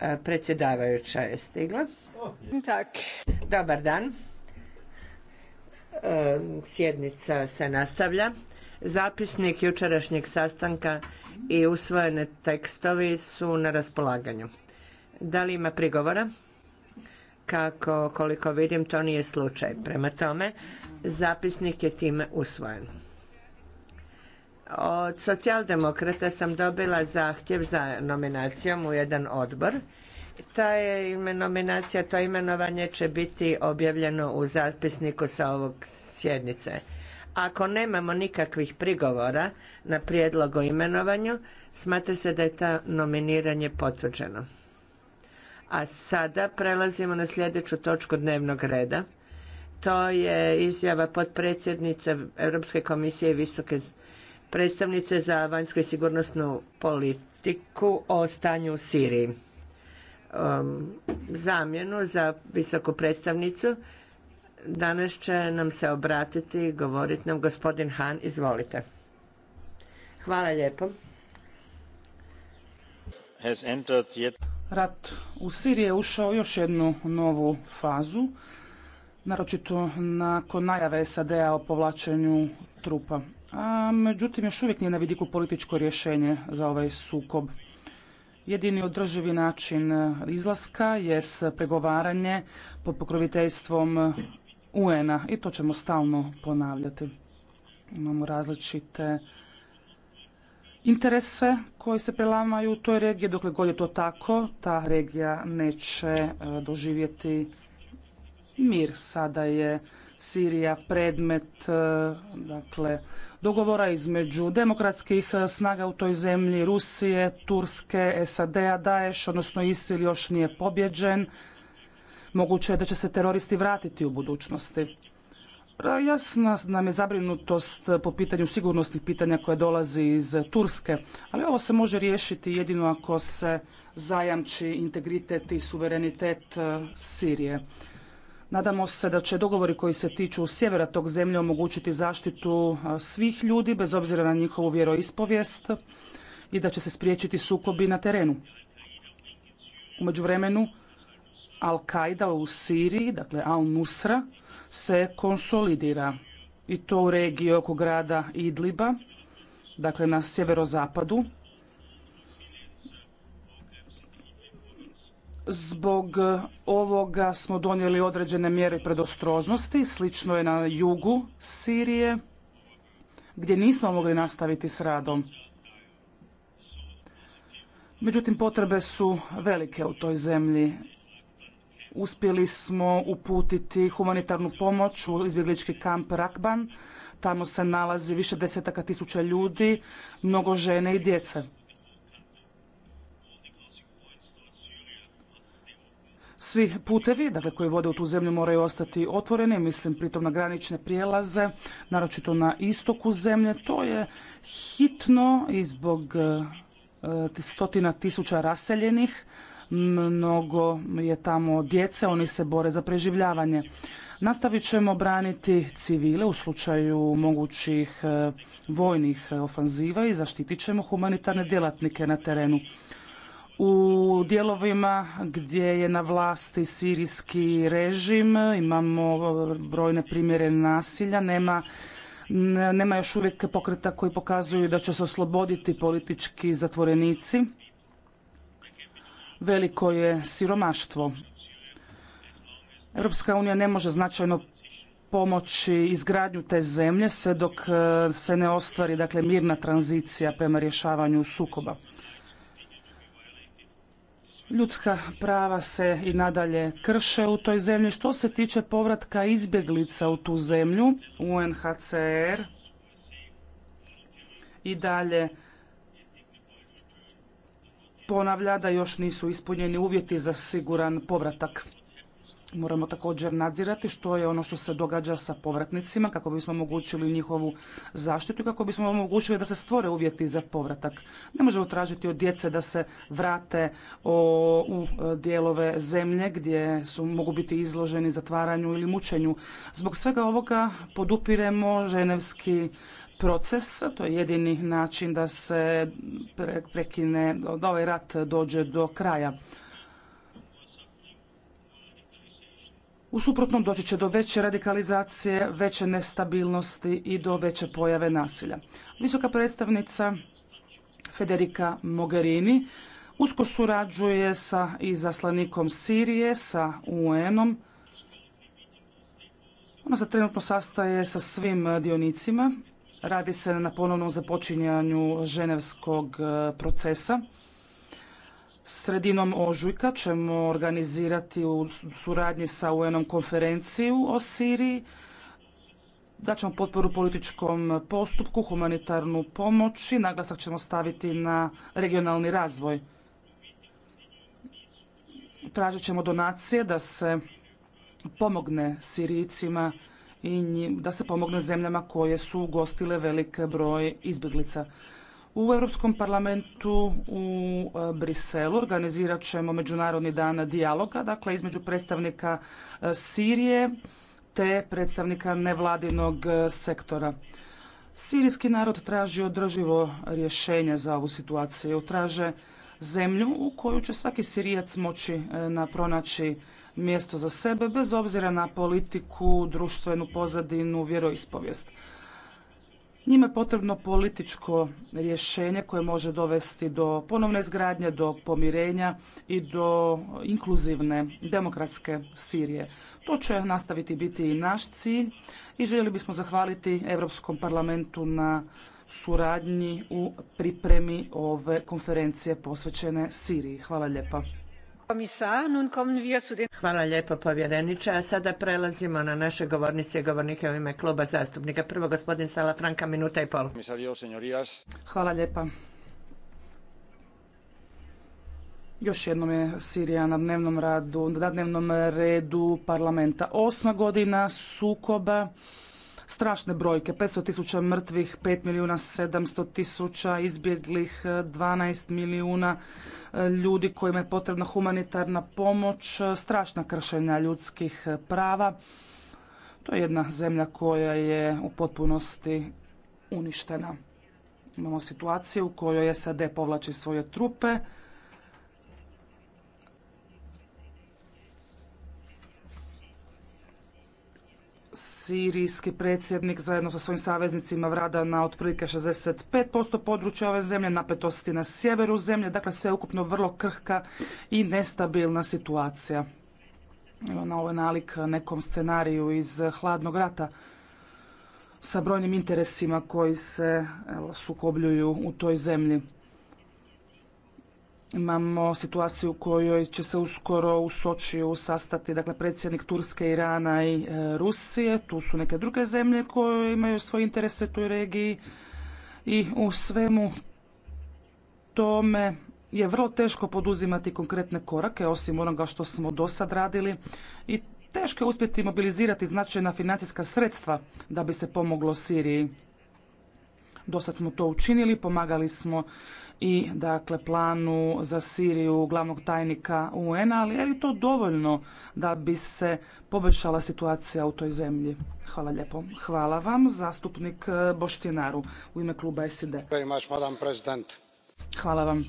E, predsjedavajuća je stigla. Dobar dan. E, sjednica se nastavlja. Zapisnik jučerašnjeg sastanka i usvojene tekstovi su na raspolaganju. Da li ima prigovora? Kako, koliko vidim, to nije slučaj. Prema tome, zapisnik je time usvojen. Od socijaldemokrata sam dobila zahtjev za nominacijom u jedan odbor. Ta je nominacija, to imenovanje će biti objavljeno u zapisniku sa ovog sjednice. Ako nemamo nikakvih prigovora na prijedlog o imenovanju, smatra se da je ta nominiranje potvrđeno. A sada prelazimo na sljedeću točku dnevnog reda. To je izjava potpredsjednice Europske komisije visoke predstavnice za vanjsku i sigurnosnu politiku o stanju u Siriji. Um, zamjenu za visoku predstavnicu danas će nam se obratiti i govoriti nam gospodin Han. Izvolite. Hvala lijepo. Rat u Siriji je ušao još jednu novu fazu, naročito nakon najave SAD-a o povlačenju trupa a međutim još uvijek nije na vidiku političko rješenje za ovaj sukob. Jedini održivi način izlaska je s pregovaranje pod pokroviteljstvom UN-a i to ćemo stalno ponavljati. Imamo različite interese koji se prelamaju u toj regiji. Dokle god je to tako, ta regija neće e, doživjeti mir. Sada je Sirija predmet e, dakle, dogovora između demokratskih e, snaga u toj zemlji, Rusije, Turske, SAD-a, Daesh, odnosno ISIL još nije pobjeđen. Moguće je da će se teroristi vratiti u budućnosti. E, jasna nam je zabrinutost po pitanju sigurnosnih pitanja koje dolazi iz Turske, ali ovo se može riješiti jedino ako se zajamči integritet i suverenitet Sirije. Nadamo se da će dogovori koji se tiču sjevera tog zemlje omogućiti zaštitu svih ljudi bez obzira na njihovu vjeroispovijest i da će se spriječiti sukobi na terenu. U međuvremenu Al-Qaida u Siriji, dakle Al-Nusra, se konsolidira i to u regiji oko grada Idliba, dakle na sjeverozapadu Zbog e, ovoga smo donijeli određene mjere predostrožnosti, slično je na jugu Sirije, gdje nismo mogli nastaviti s radom. Međutim, potrebe su velike u toj zemlji. Uspjeli smo uputiti humanitarnu pomoć u izbjeglički kamp Rakban. Tamo se nalazi više desetaka tisuća ljudi, mnogo žene i djece. Svi putevi dakle, koji vode u tu zemlju moraju ostati otvoreni, mislim pritom na granične prijelaze, naročito na istoku zemlje. To je hitno i zbog e, stotina tisuća raseljenih. Mnogo je tamo djece, oni se bore za preživljavanje. Nastavit ćemo braniti civile u slučaju mogućih e, vojnih e, ofanziva i zaštitit ćemo humanitarne djelatnike na terenu u dijelovima gdje je na vlasti sirijski režim, imamo brojne primjere nasilja, nema nema još uvijek pokreta koji pokazuju da će se osloboditi politički zatvorenici. Veliko je siromaštvo. Europska unija ne može značajno pomoći izgradnju te zemlje sve dok eh, se ne ostvari dakle mirna tranzicija prema rješavanju sukoba. Ljudska prava se i nadalje krše u toj zemlji. Što se tiče povratka izbjeglica u tu zemlju, UNHCR i dalje ponavlja da još nisu ispunjeni uvjeti za siguran povratak. Moramo također nadzirati što je ono što se događa sa povratnicima kako bismo omogućili njihovu zaštitu kako bismo omogućili da se stvore uvjeti za povratak. Ne možemo tražiti od djece da se vrate u e, dijelove zemlje gdje su, mogu biti izloženi zatvaranju ili mučenju. Zbog svega ovoga podupiremo ženevski proces, to je jedini način da se prekine, da ovaj rat dođe do kraja. U suprotnom doći će do veće radikalizacije, veće nestabilnosti i do veće pojave nasilja. Visoka predstavnica Federica Mogherini usko surađuje sa izaslanikom Sirije, sa UN-om. Ona se trenutno sastaje sa svim dionicima. Radi se na ponovnom započinjanju ženevskog procesa. Sredinom ožujka ćemo organizirati u suradnji sa UN-om konferenciju o Siriji. Daćemo potporu političkom postupku, humanitarnu pomoć i naglasak ćemo staviti na regionalni razvoj. Tražit ćemo donacije da se pomogne Sirijcima i da se pomogne zemljama koje su ugostile velik broj izbjeglica. U Europskom parlamentu u e, Briselu organizirat ćemo Međunarodni dan dijaloga, dakle između predstavnika e, Sirije te predstavnika nevladinog e, sektora. Sirijski narod traži održivo rješenje za ovu situaciju. Traže zemlju u koju će svaki Sirijac moći na pronaći mjesto za sebe bez obzira na politiku, društvenu pozadinu, vjeroispovijest. Njima je potrebno političko rješenje koje može dovesti do ponovne izgradnje, do pomirenja i do inkluzivne demokratske Sirije. To će nastaviti biti i naš cilj i želi bismo zahvaliti Europskom parlamentu na suradnji u pripremi ove konferencije posvećene Siriji. Hvala lijepa. Hvala lijepo povjereniče. sada prelazimo na naše govornice i govornike u ime kluba zastupnika. Prvo gospodin Sala minuta i pol. Hvala Još jednom je Sirija na dnevnom radu, na dnevnom redu parlamenta. Osma godina sukoba strašne brojke. 500 tisuća mrtvih, 5 milijuna 700 tisuća izbjeglih, 12 milijuna e, ljudi kojima je potrebna humanitarna pomoć, strašna kršenja ljudskih prava. To je jedna zemlja koja je u potpunosti uništena. Imamo situaciju u kojoj SAD povlači svoje trupe, sirijski predsjednik zajedno sa svojim saveznicima vrada na otprilike 65% područja ove zemlje, napetosti na sjeveru zemlje, dakle sve ukupno vrlo krhka i nestabilna situacija. Evo na ovaj nalik nekom scenariju iz hladnog rata sa brojnim interesima koji se sukobljuju u toj zemlji. Imamo situaciju u kojoj će se uskoro u Sočiju sastati dakle, predsjednik Turske, Irana i e, Rusije. Tu su neke druge zemlje koje imaju svoje interese u toj regiji. I u svemu tome je vrlo teško poduzimati konkretne korake, osim onoga što smo do sad radili. I teško je uspjeti mobilizirati značajna financijska sredstva da bi se pomoglo Siriji. Do sad smo to učinili, pomagali smo i dakle planu za Siriju glavnog tajnika UN-a, ali je li to dovoljno da bi se poboljšala situacija u toj zemlji? Hvala lijepo. Hvala vam, zastupnik e, Boštinaru u ime kluba SID. Hvala vam.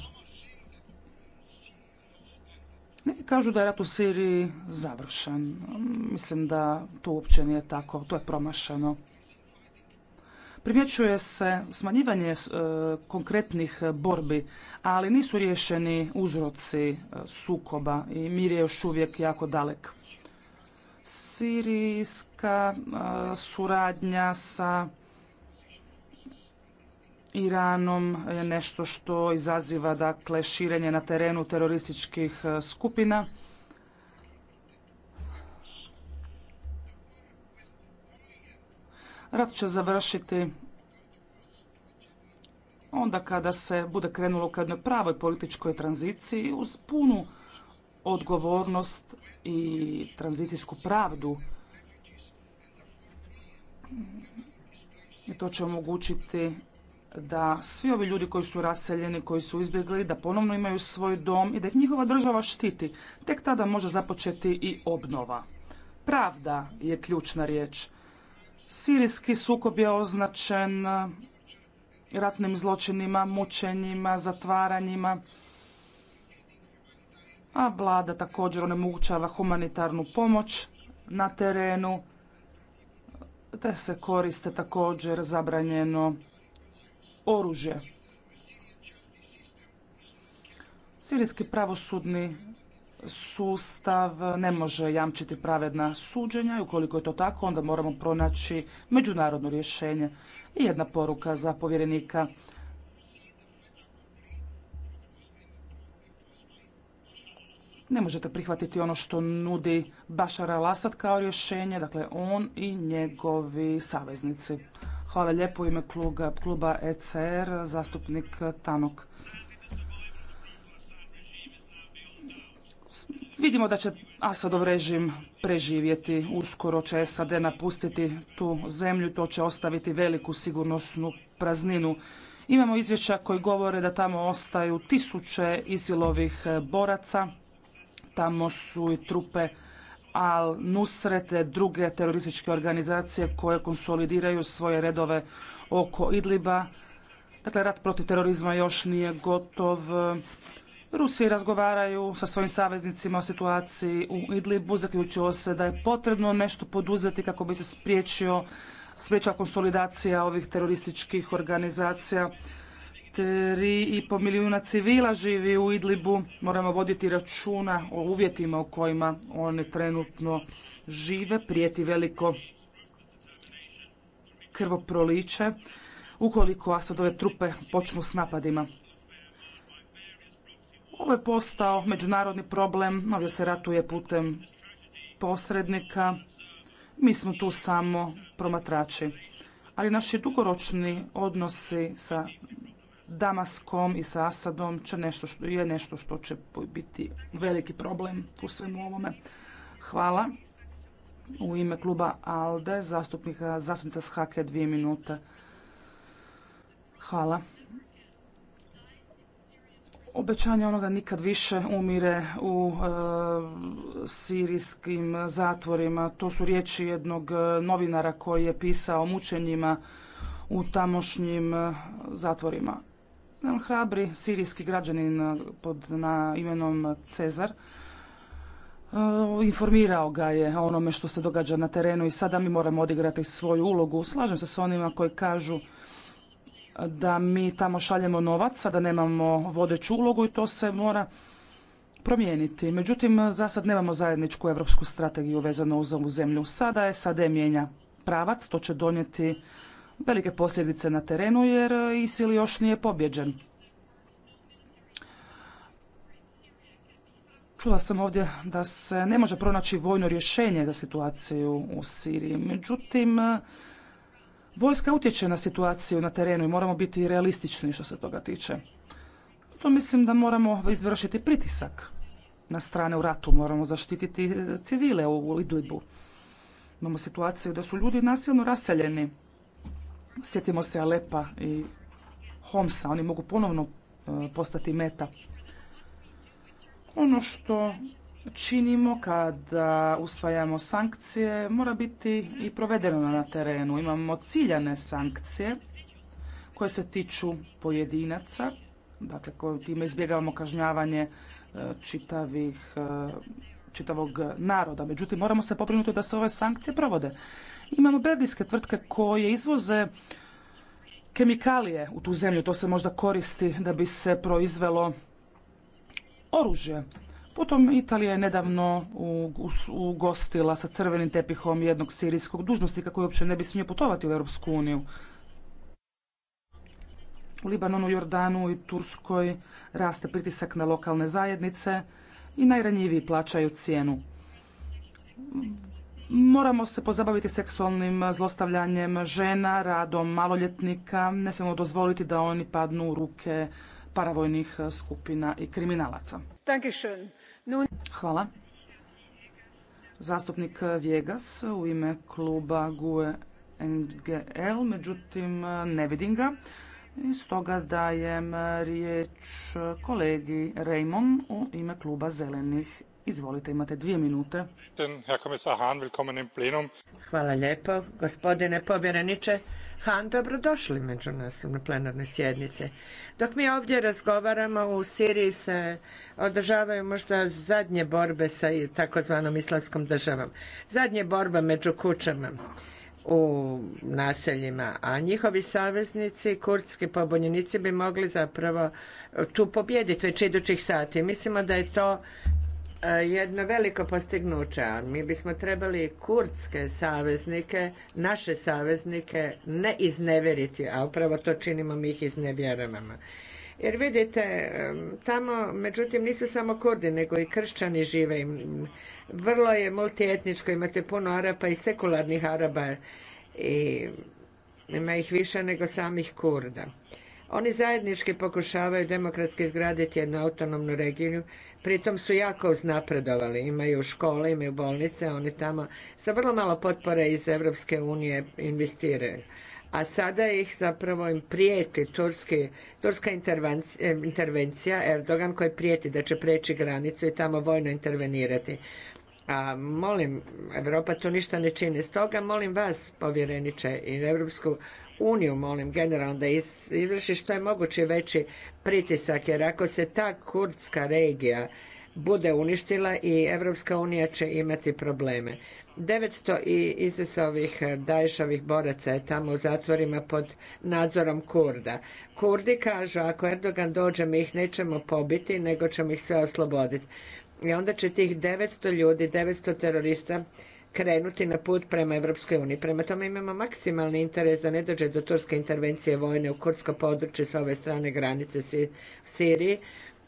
kažu da je rat u Siriji završen. Mislim da to uopće nije tako, to je promašeno. Primjećuje se smanjivanje e, konkretnih borbi, ali nisu riješeni uzroci e, sukoba i mir je još uvijek jako dalek. Sirijska e, suradnja sa Iranom je nešto što izaziva dakle širenje na terenu terorističkih skupina Rat će završiti onda kada se bude krenulo u jednoj pravoj političkoj tranziciji uz punu odgovornost i tranzicijsku pravdu. I to će omogućiti da svi ovi ljudi koji su raseljeni, koji su izbjegli, da ponovno imaju svoj dom i da ih njihova država štiti. Tek tada može započeti i obnova. Pravda je ključna riječ. Sirijski sukob je označen e, ratnim zločinima, mučenjima, zatvaranjima, a vlada također onemogućava humanitarnu pomoć na terenu, te se koriste također zabranjeno oružje. Sirijski pravosudni sustav ne može jamčiti pravedna suđenja i ukoliko je to tako onda moramo pronaći međunarodno rješenje i jedna poruka za povjerenika ne možete prihvatiti ono što nudi Bašar al kao rješenje, dakle on i njegovi saveznici. Hvala lijepo u ime kluba ECR, zastupnik Tanok. Vidimo da će Asadov režim preživjeti. Uskoro će SAD napustiti tu zemlju. To će ostaviti veliku sigurnosnu prazninu. Imamo izvješća koji govore da tamo ostaju tisuće isilovih e, boraca. Tamo su i trupe al nusrete druge terorističke organizacije koje konsolidiraju svoje redove oko Idliba. Dakle, rat protiv terorizma još nije gotov. Rusi razgovaraju sa svojim saveznicima o situaciji u Idlibu, zaključilo se da je potrebno nešto poduzeti kako bi se spriječio, spriječa konsolidacija ovih terorističkih organizacija. i po milijuna civila živi u Idlibu, moramo voditi računa o uvjetima u kojima oni trenutno žive, prijeti veliko krvoproliće ukoliko Asadove trupe počnu s napadima. Ovo je postao međunarodni problem, ovdje se ratuje putem posrednika. Mi smo tu samo promatrači. Ali naši dugoročni odnosi sa Damaskom i sa Asadom će nešto što, je nešto što će biti veliki problem u svemu ovome. Hvala. U ime kluba ALDE, zastupnika, zastupnica hake dvije minute. Hvala. Obećanje onoga nikad više umire u e, sirijskim zatvorima. To su riječi jednog e, novinara koji je pisao o mučenjima u tamošnjim e, zatvorima. Jedan hrabri sirijski građanin pod na imenom Cezar informirao ga je o onome što se događa na terenu i sada mi moramo odigrati svoju ulogu. Slažem se s onima koji kažu da mi tamo šaljemo novac, a da nemamo vodeću ulogu i to se mora promijeniti. Međutim, za sad nemamo zajedničku europsku strategiju vezano uz ovu zemlju. Sada je SAD mijenja pravac, to će donijeti velike posljedice na terenu jer ISIL još nije pobjeđen. Čula sam ovdje da se ne može pronaći vojno rješenje za situaciju u Siriji. Međutim, Vojska utječe na situaciju na terenu i moramo biti realistični što se toga tiče. To mislim da moramo izvršiti pritisak na strane u ratu, moramo zaštititi e, civile u Idlibu. Imamo situaciju da su ljudi nasilno raseljeni. Sjetimo se Alepa i Homsa, oni mogu ponovno e, postati meta. Ono što činimo kada usvajamo sankcije mora biti i provedeno na terenu. Imamo ciljane sankcije koje se tiču pojedinaca, dakle koje time izbjegavamo kažnjavanje e, čitavih, e, čitavog naroda. Međutim, moramo se poprinuti da se ove sankcije provode. Imamo belgijske tvrtke koje izvoze kemikalije u tu zemlju. To se možda koristi da bi se proizvelo oružje. Potom Italija je nedavno ugostila sa crvenim tepihom jednog sirijskog dužnosnika koji uopće ne bi smio putovati u Europsku uniju. U Libanonu, Jordanu i Turskoj raste pritisak na lokalne zajednice i najranjiviji plaćaju cijenu. Moramo se pozabaviti seksualnim zlostavljanjem žena, radom maloljetnika. Ne smijemo dozvoliti da oni padnu u ruke paravojnih skupina i kriminalaca. Hvala. Zastupnik Vjegas u ime kluba GUE NGL, međutim ne vidim ga. I stoga dajem riječ kolegi Rejmom u ime kluba Zelenih Izvolite, imate dvije minute. Hvala lijepo, gospodine povjereniče. Han, dobrodošli među nas na plenarnoj sjednici. Dok mi ovdje razgovaramo, u Siriji se održavaju možda zadnje borbe sa takozvanom islamskom državom. Zadnje borbe među kućama u naseljima, a njihovi saveznici, kurdski pobunjenici bi mogli zapravo tu pobijediti već idućih sati. Mislimo da je to E, jedno veliko postignuće, mi bismo trebali kurdske saveznike, naše saveznike ne izneveriti, a upravo to činimo mi ih iznevjeravamo. Jer vidite, e, tamo međutim nisu samo kurdi, nego i kršćani žive. Vrlo je multietničko, imate puno Arapa i sekularnih Araba i ima ih više nego samih kurda. Oni zajednički pokušavaju demokratski izgraditi jednu autonomnu regiju, pritom su jako uznapredovali, imaju škole, imaju bolnice, oni tamo sa vrlo malo potpore iz Europske unije investiraju. A sada ih zapravo im prijeti turska intervencija, Erdogan koji prijeti da će preći granicu i tamo vojno intervenirati. A molim, Europa tu ništa ne čini. Stoga molim vas, povjereniče, i Europsku uniju, molim, generalno da izvrši što je moguće veći pritisak, jer ako se ta kurdska regija bude uništila i Evropska unija će imati probleme. 900 i ovih dajšovih boraca je tamo u zatvorima pod nadzorom Kurda. Kurdi kažu ako Erdogan dođe mi ih nećemo pobiti nego ćemo ih sve osloboditi. I onda će tih 900 ljudi, 900 terorista krenuti na put prema Evropskoj uniji. Prema tome imamo maksimalni interes da ne dođe do turske intervencije vojne u kurdsko područje s ove strane granice Siriji,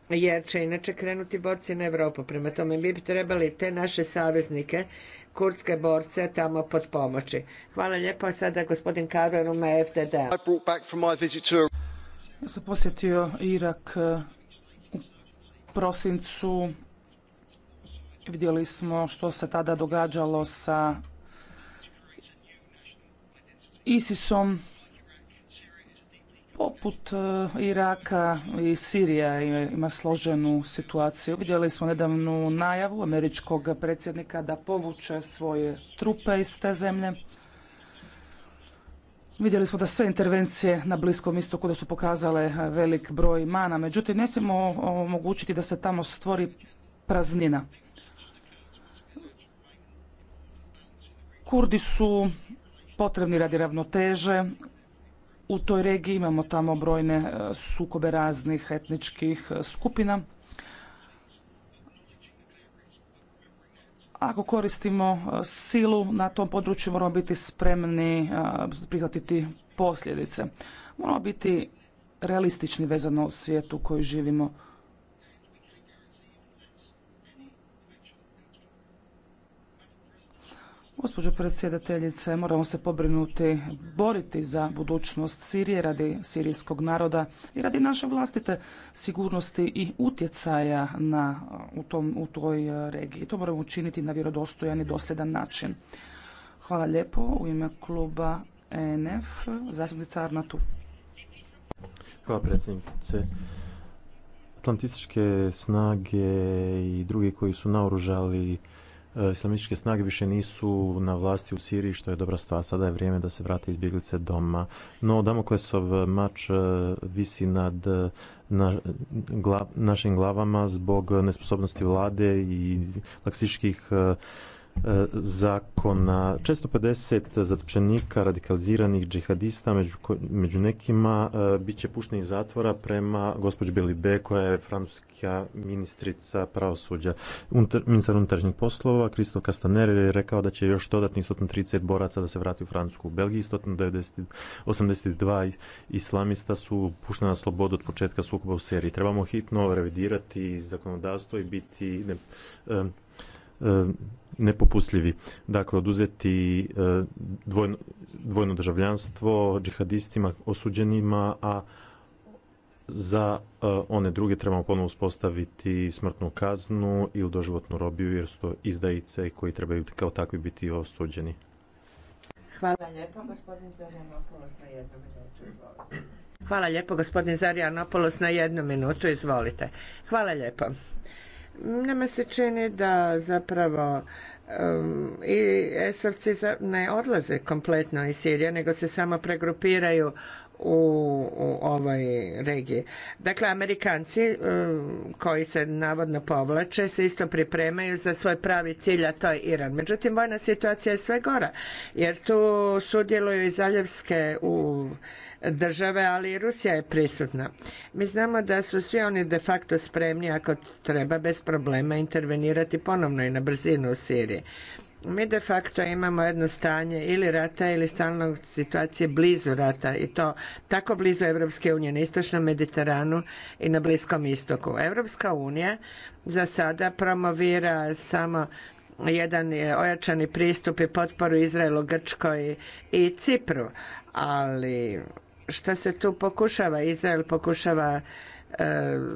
jer će inače krenuti borci na Europu. Prema tome mi bi trebali te naše saveznike, kurdske borce, tamo pod pomoći. Hvala lijepo. Sada gospodin Karver u MFDD. Ja sam posjetio Irak eh, u prosincu Vidjeli smo što se tada događalo sa ISISom poput e, Iraka i Sirija ima složenu situaciju. Vidjeli smo nedavnu najavu američkog predsjednika da povuče svoje trupe iz te zemlje. Vidjeli smo da sve intervencije na Bliskom istoku da su pokazale e, velik broj mana, međutim ne smijemo omogućiti da se tamo stvori praznina. Kurdi su potrebni radi ravnoteže. U toj regiji imamo tamo brojne e, sukobe raznih etničkih e, skupina. Ako koristimo e, silu na tom području moramo biti spremni prihvatiti posljedice. Moramo biti realistični vezano u svijetu u kojoj živimo. Gospođo predsjedateljice, moramo se pobrinuti, boriti za budućnost Sirije radi sirijskog naroda i radi naše vlastite sigurnosti i utjecaja na, u, tom, u toj e, regiji. To moramo učiniti na vjerodostojan i dosljedan način. Hvala lijepo. U ime kluba ENF, zastupnica Arnatu. Hvala predsjednice. Atlantističke snage i drugi koji su naoružali E, islamističke snage više nisu na vlasti u Siriji, što je dobra stvar. Sada je vrijeme da se vrate izbjeglice doma. No, Damoklesov mač e, visi nad e, na, našim glavama zbog nesposobnosti vlade i laksičkih zakona. 450 zatočenika radikaliziranih džihadista, među, među nekima, e, bit će pušteni iz zatvora prema gospođi B. koja je francuska ministrica pravosuđa. Unter, ministar unutarnjih poslova, Kristo Kastaner, je rekao da će još dodatnih 130 boraca da se vrati u Francusku. U Belgiji 182 islamista su pušteni na slobodu od početka sukoba u seriji. Trebamo hitno revidirati zakonodavstvo i biti ne, e, E, nepopustljivi. Dakle, oduzeti e, dvojno, državljanstvo džihadistima, osuđenima, a za e, one druge trebamo ponovno uspostaviti smrtnu kaznu ili doživotnu robiju jer su to izdajice koji trebaju kao takvi biti osuđeni. Hvala lijepo, gospodin napolos na jednu minutu, izvolite. Hvala lijepo, gospodin Zarianopoulos, na jednu minutu, izvolite. Hvala lijepo nama se čini da zapravo um, i i esovci ne odlaze kompletno iz Sirije, nego se samo pregrupiraju u, ovoj regiji. Dakle, Amerikanci e, koji se navodno povlače se isto pripremaju za svoj pravi cilj, a to je Iran. Međutim, vojna situacija je sve gora, jer tu sudjeluju i zaljevske u države, ali i Rusija je prisutna. Mi znamo da su svi oni de facto spremni, ako treba, bez problema intervenirati ponovno i na brzinu u Siriji mi de facto imamo jedno stanje ili rata ili stalno situacije blizu rata i to tako blizu Evropske unije na istočnom Mediteranu i na Bliskom istoku. Evropska unija za sada promovira samo jedan je ojačani pristup i potporu Izraelu, Grčkoj i Cipru, ali što se tu pokušava? Izrael pokušava e,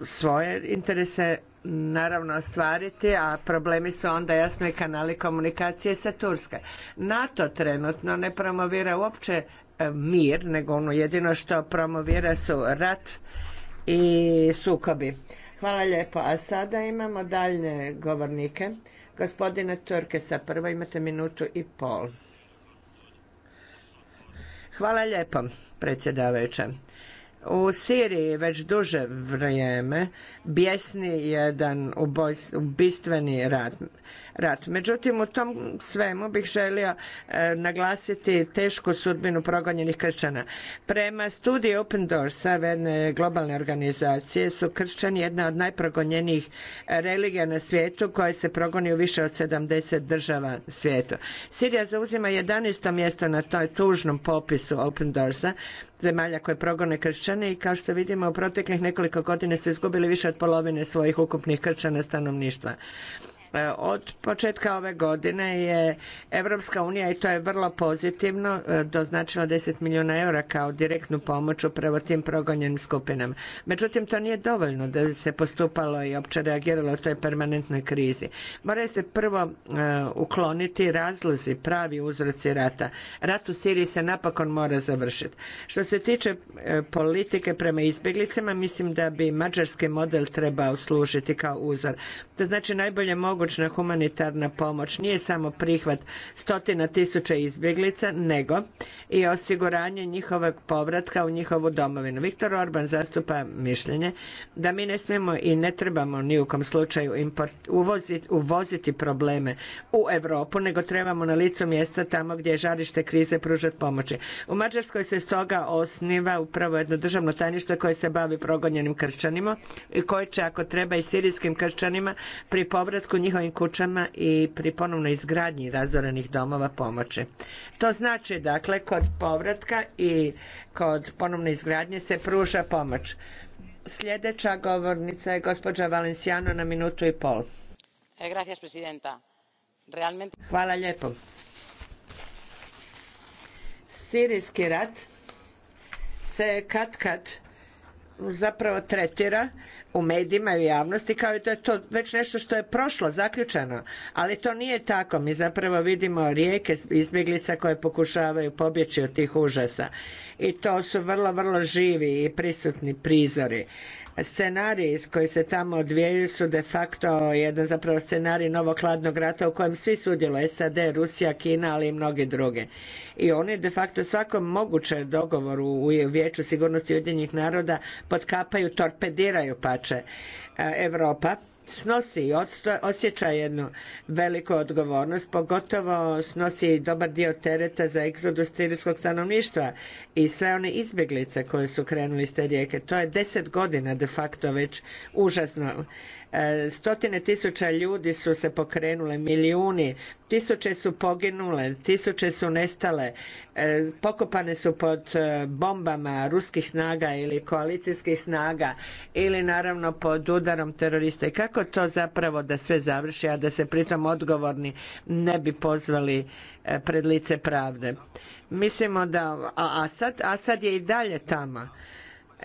svoje interese naravno ostvariti, a problemi su onda jasno i kanali komunikacije sa Turske. NATO trenutno ne promovira uopće e, mir, nego ono jedino što promovira su rat i sukobi. Hvala lijepo. A sada imamo daljne govornike. Gospodine sa prvo imate minutu i pol. Hvala lijepo, predsjedavajuća u Siriji već duže vrijeme bjesni jedan ubojstveni rat rat. Međutim, u tom svemu bih želio e, naglasiti tešku sudbinu progonjenih kršćana. Prema studiji Open Doors, jedne globalne organizacije, su kršćani jedna od najprogonjenijih religija na svijetu koja se progoni u više od 70 država svijetu. Sirija zauzima 11. mjesto na toj tužnom popisu Open Doorsa zemalja koje progone kršćane i kao što vidimo u proteklih nekoliko godina su izgubili više od polovine svojih ukupnih kršćana stanovništva. E, od početka ove godine je Europska unija i to je vrlo pozitivno e, doznačila 10 milijuna eura kao direktnu pomoć upravo tim progonjenim skupinama. Međutim, to nije dovoljno da se postupalo i opće reagiralo u toj permanentnoj krizi. Moraju se prvo e, ukloniti razlozi, pravi uzroci rata. Rat u Siriji se napokon mora završiti. Što se tiče politike prema izbjeglicama, mislim da bi mađarski model trebao služiti kao uzor. To znači najbolje mogu obična humanitarna pomoć nije samo prihvat stotina tisuća izbjeglica, nego i osiguranje njihovog povratka u njihovu domovinu. Viktor Orban zastupa mišljenje da mi ne smijemo i ne trebamo ni u kom slučaju uvoziti, probleme u Europu, nego trebamo na licu mjesta tamo gdje je žarište krize pružati pomoći. U Mađarskoj se stoga osniva upravo jedno državno tajništvo koje se bavi progonjenim kršćanima i koje će ako treba i sirijskim kršćanima pri povratku njih njihovim kućama i pri ponovnoj izgradnji razorenih domova pomoći. To znači dakle kod povratka i kod ponovne izgradnje se pruža pomoć. Sljedeća govornica je gospođa Valenciano na minutu i pol. E, Hvala lijepo. Sirijski rat se kad kad zapravo tretira u medijima i u javnosti kao to je to već nešto što je prošlo, zaključeno. Ali to nije tako. Mi zapravo vidimo rijeke izbjeglica koje pokušavaju pobjeći od tih užasa. I to su vrlo, vrlo živi i prisutni prizori scenariji koji se tamo odvijaju su de facto jedan zapravo scenarij novog hladnog rata u kojem svi sudjeluju SAD, Rusija, Kina, ali i mnogi druge. I oni de facto svakom moguće dogovoru u Vijeću sigurnosti Ujedinjenih naroda potkapaju, torpediraju pače e, Europa snosi i osjeća jednu veliku odgovornost, pogotovo snosi dobar dio tereta za egzodus sirijskog stanovništva i sve one izbjeglice koje su krenuli iz te rijeke. To je deset godina de facto već užasno Stotine tisuća ljudi su se pokrenule, milijuni, tisuće su poginule, tisuće su nestale, e, pokopane su pod e, bombama ruskih snaga ili koalicijskih snaga ili naravno pod udarom terorista. I kako to zapravo da sve završi, a da se pritom odgovorni ne bi pozvali e, pred lice pravde? Mislimo da, asad sad je i dalje tamo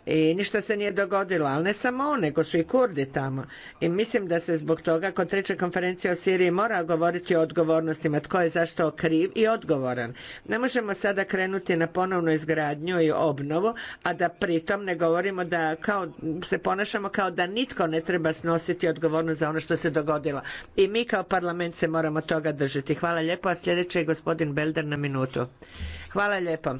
i ništa se nije dogodilo, ali ne samo on, nego su i Kurdi tamo. I mislim da se zbog toga kod treće konferencije o Siriji mora govoriti o odgovornostima, tko je zašto kriv i odgovoran. Ne možemo sada krenuti na ponovnu izgradnju i obnovu, a da pritom ne govorimo da kao, se ponašamo kao da nitko ne treba snositi odgovornost za ono što se dogodilo. I mi kao parlament se moramo toga držati. Hvala lijepo, a sljedeći je gospodin Belder na minutu. Hvala lijepo.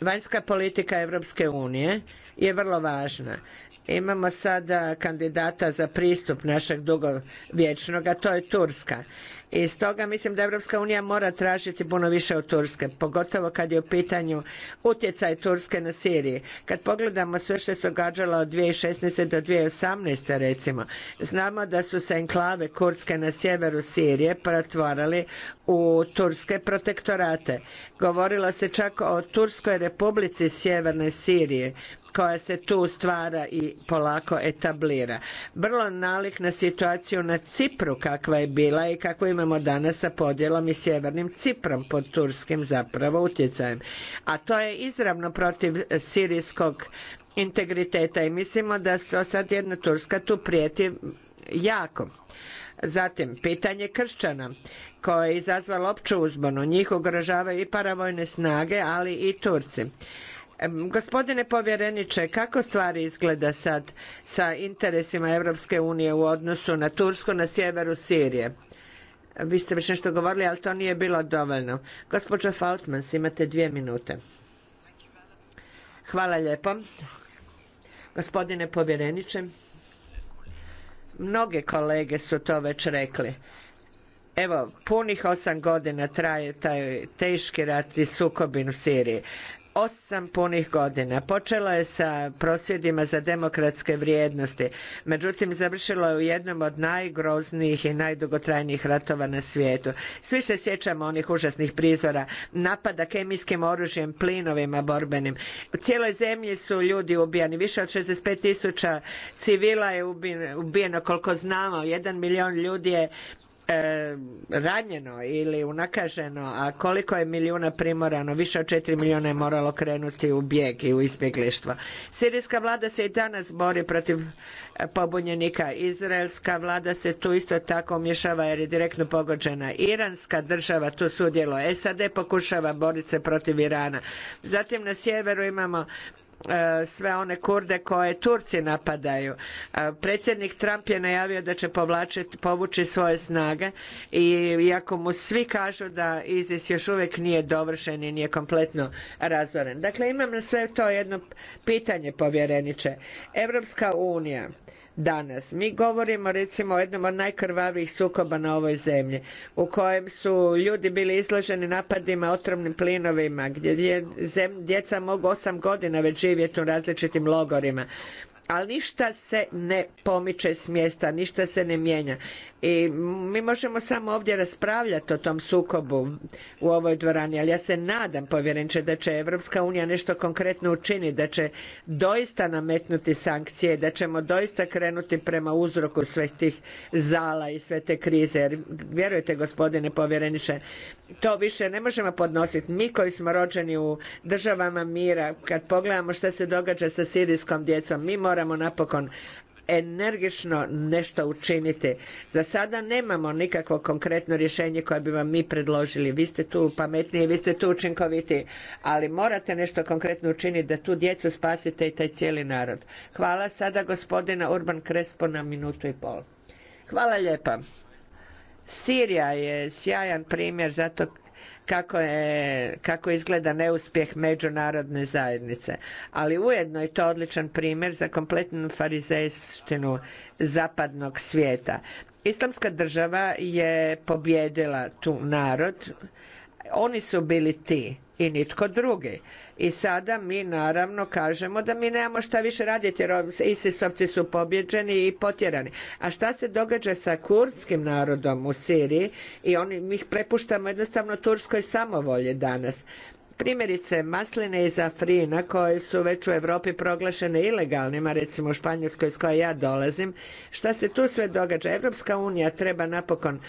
vanjska politika Europske unije je vrlo važna Imamo sada kandidata za pristup našeg dugovječnog, a to je Turska. I stoga mislim da Europska unija mora tražiti puno više od Turske, pogotovo kad je u pitanju utjecaj Turske na Siriji. Kad pogledamo sve što se događalo od 2016. do 2018. recimo, znamo da su se enklave Kurske na sjeveru Sirije pretvarali u turske protektorate. Govorilo se čak o Turskoj republici sjeverne Sirije koja se tu stvara i polako etablira. Vrlo nalik na situaciju na Cipru kakva je bila i kako imamo danas sa podjelom i sjevernim Ciprom pod turskim zapravo utjecajem. A to je izravno protiv sirijskog integriteta i mislimo da sad jedna Turska tu prijeti jako. Zatim, pitanje kršćana koje je izazvalo opću uzbonu. Njih ugrožavaju i paravojne snage, ali i Turci. Gospodine povjereniče, kako stvari izgleda sad sa interesima Europske unije u odnosu na Tursku na sjeveru Sirije? Vi ste već nešto govorili, ali to nije bilo dovoljno. Gospođo faltmans imate dvije minute. Hvala lijepo. Gospodine povjereniče, mnoge kolege su to već rekli. Evo, punih osam godina traje taj teški rat i sukobin u Siriji osam punih godina. Počela je sa prosvjedima za demokratske vrijednosti, međutim završila je u jednom od najgroznijih i najdugotrajnijih ratova na svijetu. Svi se sjećamo onih užasnih prizora, napada kemijskim oružjem, plinovima borbenim. U cijeloj zemlji su ljudi ubijani, više od 65 tisuća civila je ubijeno, koliko znamo, jedan milion ljudi je E, ranjeno ili unakaženo, a koliko je milijuna primorano, više od četiri milijuna je moralo krenuti u bijeg i u izbjeglištvo. Sirijska vlada se i danas bori protiv e, pobunjenika. Izraelska vlada se tu isto tako umješava jer je direktno pogođena. Iranska država tu sudjelo SAD pokušava boriti se protiv Irana. Zatim na sjeveru imamo E, sve one kurde koje Turci napadaju. E, predsjednik Trump je najavio da će povući svoje snage i iako mu svi kažu da ISIS još uvijek nije dovršen i nije kompletno razoren. Dakle, imam na sve to jedno pitanje povjereniče. Europska unija danas. Mi govorimo recimo o jednom od najkrvavijih sukoba na ovoj zemlji u kojem su ljudi bili izloženi napadima otrovnim plinovima gdje djeca mogu osam godina već živjeti u različitim logorima ali ništa se ne pomiče s mjesta, ništa se ne mijenja. I mi možemo samo ovdje raspravljati o tom sukobu u ovoj dvorani, ali ja se nadam, povjerenče, da će Evropska unija nešto konkretno učiniti, da će doista nametnuti sankcije, da ćemo doista krenuti prema uzroku svih tih zala i sve te krize. Jer vjerujte, gospodine povjereniče, to više ne možemo podnositi. Mi koji smo rođeni u državama mira, kad pogledamo što se događa sa sirijskom djecom, mi moramo napokon energično nešto učiniti. Za sada nemamo nikakvo konkretno rješenje koje bi vam mi predložili. Vi ste tu pametniji, vi ste tu učinkoviti, ali morate nešto konkretno učiniti da tu djecu spasite i taj cijeli narod. Hvala sada gospodina Urban Krespo na minutu i pol. Hvala lijepa. Sirija je sjajan primjer zato kako, je, kako izgleda neuspjeh međunarodne zajednice. Ali ujedno je to odličan primjer za kompletnu farizejštinu zapadnog svijeta. Islamska država je pobjedila tu narod oni su bili ti i nitko drugi. I sada mi naravno kažemo da mi nemamo šta više raditi jer Isisovci su pobjeđeni i potjerani. A šta se događa sa kurdskim narodom u Siriji i oni, mi ih prepuštamo jednostavno turskoj samovolji danas. Primjerice masline iz Afrina koje su već u Europi proglašene ilegalnima, recimo u Španjolskoj iz koje ja dolazim, šta se tu sve događa? Evropska unija treba napokon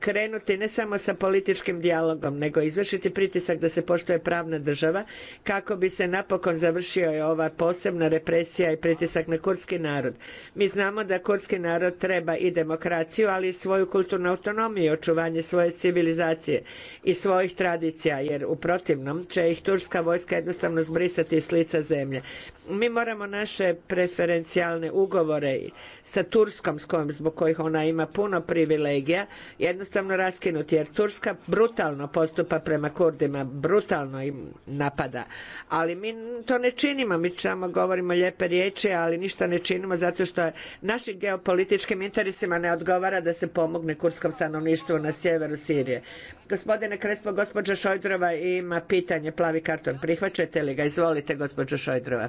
krenuti ne samo sa političkim dijalogom nego izvršiti pritisak da se poštuje pravna država kako bi se napokon završio ova posebna represija i pritisak na kurdski narod. Mi znamo da kurdski narod treba i demokraciju, ali i svoju kulturnu autonomiju, očuvanje svoje civilizacije i svojih tradicija, jer u protivnom će ih turska vojska jednostavno zbrisati s lica zemlje. Mi moramo naše preferencijalne ugovore sa Turskom zbog kojih ona ima puno privilegija, jer jednostavno raskinuti jer Turska brutalno postupa prema Kurdima, brutalno im napada. Ali mi to ne činimo, mi samo govorimo lijepe riječi, ali ništa ne činimo zato što našim geopolitičkim interesima ne odgovara da se pomogne kurdskom stanovništvu na sjeveru Sirije. Gospodine Krespo, gospođa Šojdrova ima pitanje, plavi karton. Prihvaćate li ga? Izvolite, gospođa Šojdrova.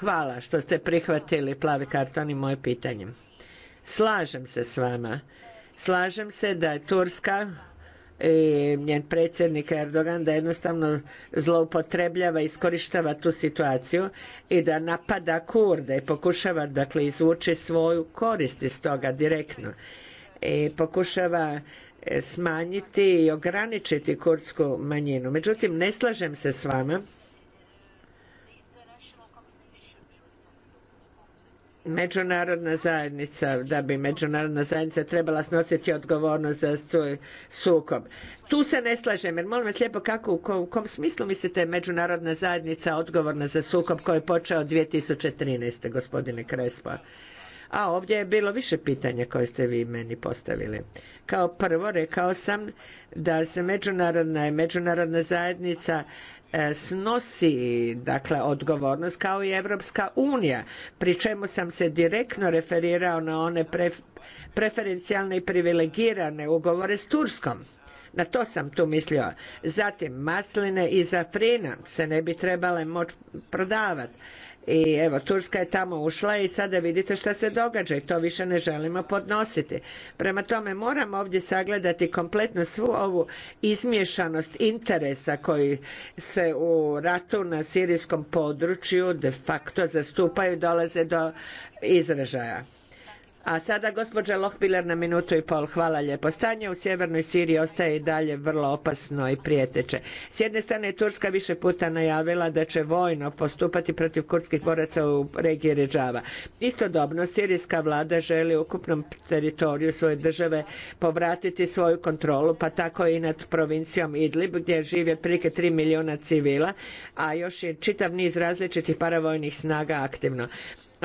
Hvala što ste prihvatili plavi karton i moje pitanje. Slažem se s vama. Slažem se da je Turska i e, njen predsjednik Erdogan da jednostavno zloupotrebljava i iskorištava tu situaciju i da napada kurde i pokušava dakle izvući svoju korist iz toga direktno i e, pokušava e, smanjiti i ograničiti kurdsku manjinu. Međutim, ne slažem se s vama međunarodna zajednica, da bi međunarodna zajednica trebala snositi odgovornost za svoj sukob. Tu se ne slažem, jer molim vas lijepo kako, u kom smislu mislite međunarodna zajednica odgovorna za sukob koji je počeo 2013. gospodine Krespo? A ovdje je bilo više pitanja koje ste vi meni postavili. Kao prvo rekao sam da se međunarodna međunarodna zajednica E, snosi dakle odgovornost kao i Europska unija, pri čemu sam se direktno referirao na one preferencijalne i privilegirane ugovore s Turskom. Na to sam tu mislio. Zatim masline i zafrina se ne bi trebale moći prodavati. I evo, Turska je tamo ušla i sada vidite šta se događa i to više ne želimo podnositi. Prema tome, moramo ovdje sagledati kompletno svu ovu izmješanost interesa koji se u ratu na sirijskom području de facto zastupaju i dolaze do izražaja. A sada gospođa Lohbiler na minutu i pol. Hvala lijepo. Stanje u sjevernoj Siriji ostaje i dalje vrlo opasno i prijeteće. S jedne strane je Turska više puta najavila da će vojno postupati protiv kurdskih boraca u regiji Ređava. Istodobno sirijska vlada želi ukupnom teritoriju svoje države povratiti svoju kontrolu, pa tako i nad provincijom Idlib gdje žive prike tri milijuna civila, a još je čitav niz različitih paravojnih snaga aktivno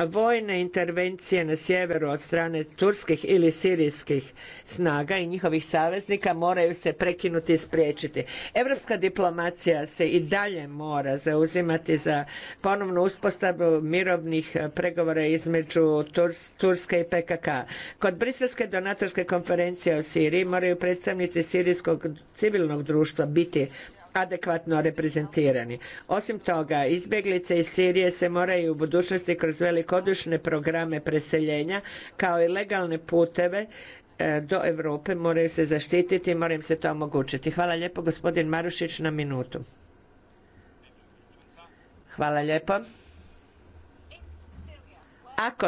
vojne intervencije na sjeveru od strane turskih ili sirijskih snaga i njihovih saveznika moraju se prekinuti i spriječiti. Europska diplomacija se i dalje mora zauzimati za ponovnu uspostavu mirovnih pregovora između Turske i PKK. Kod briselske donatorske konferencije o Siriji moraju predstavnici sirijskog civilnog društva biti adekvatno reprezentirani. Osim toga, izbjeglice iz Sirije se moraju u budućnosti kroz velikodušne programe preseljenja kao i legalne puteve e, do Europe moraju se zaštititi i mora im se to omogućiti. Hvala lijepo gospodin Marušić na minutu. Hvala lijepo. Ako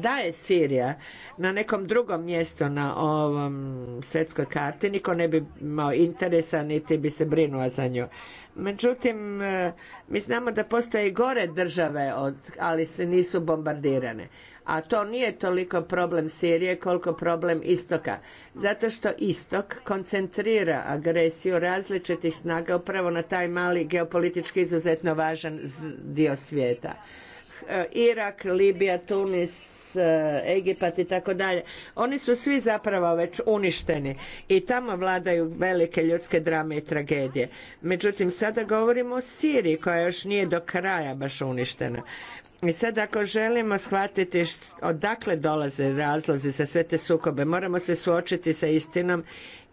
da je Sirija na nekom drugom mjestu na ovom svjetskoj karti, niko ne bi imao interesa niti bi se brinuo za nju. Međutim, e, mi znamo da postoje i gore države, od, ali se nisu bombardirane. A to nije toliko problem Sirije koliko problem Istoka. Zato što Istok koncentrira agresiju različitih snaga upravo na taj mali geopolitički izuzetno važan dio svijeta. Eh, Irak, Libija, Tunis, eh, Egipat i tako dalje. Oni su svi zapravo već uništeni i tamo vladaju velike ljudske drame i tragedije. Međutim, sada govorimo o Siriji koja još nije do kraja baš uništena. I sad ako želimo shvatiti odakle dolaze razlozi za sve te sukobe, moramo se suočiti sa istinom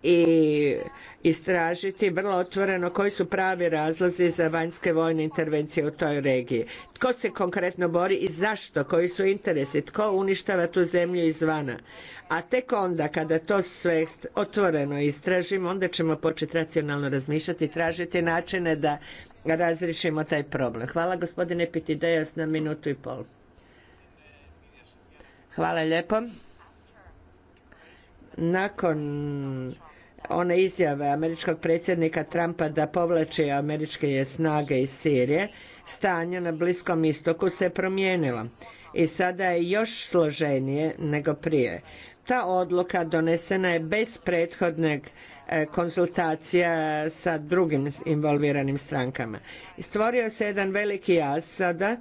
i istražiti vrlo otvoreno koji su pravi razlozi za vanjske vojne intervencije u toj regiji. Tko se konkretno bori i zašto, koji su interesi, tko uništava tu zemlju izvana. A tek onda kada to sve otvoreno istražimo, onda ćemo početi racionalno razmišljati i tražiti načine da razrišimo taj problem. Hvala gospodine Pitidejas na minutu i pol. Hvala lijepo. Nakon one izjave američkog predsjednika Trumpa da povlači američke snage iz Sirije, stanje na Bliskom istoku se promijenilo i sada je još složenije nego prije. Ta odluka donesena je bez prethodnog e, konzultacija sa drugim involviranim strankama. Stvorio se jedan veliki jaz sada